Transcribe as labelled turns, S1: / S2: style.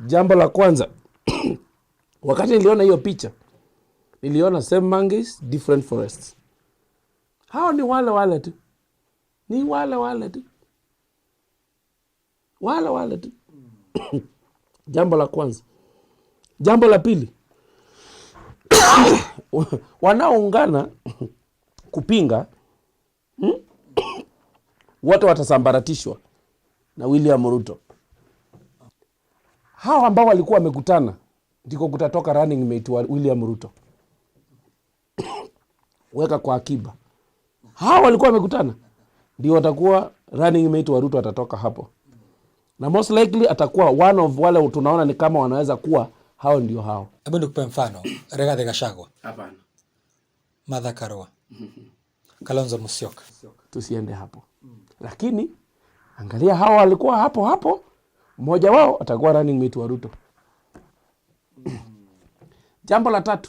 S1: Jambo la kwanza wakati niliona hiyo picha niliona same mangis, different forests. Hao ni wale wale tu, ni wale wale tu, wale wale tu jambo la kwanza. Jambo la pili wanaoungana kupinga hmm, wote watasambaratishwa na William Ruto hawa ambao walikuwa wamekutana ndiko kutatoka running mate wa William Ruto. Weka kwa akiba, hawa walikuwa wamekutana ndio watakuwa running mate wa Ruto, atatoka hapo na most likely atakuwa one of wale tunaona ni kama wanaweza kuwa hao ndio hao.
S2: Hebu nikupe mfano Rigathi Gachagua, hapana, madha Karua, Kalonzo Musyoka.
S1: Tusiende hapo, lakini angalia hawa walikuwa hapo hapo mmoja wao atakuwa running mate wa Ruto. Jambo la tatu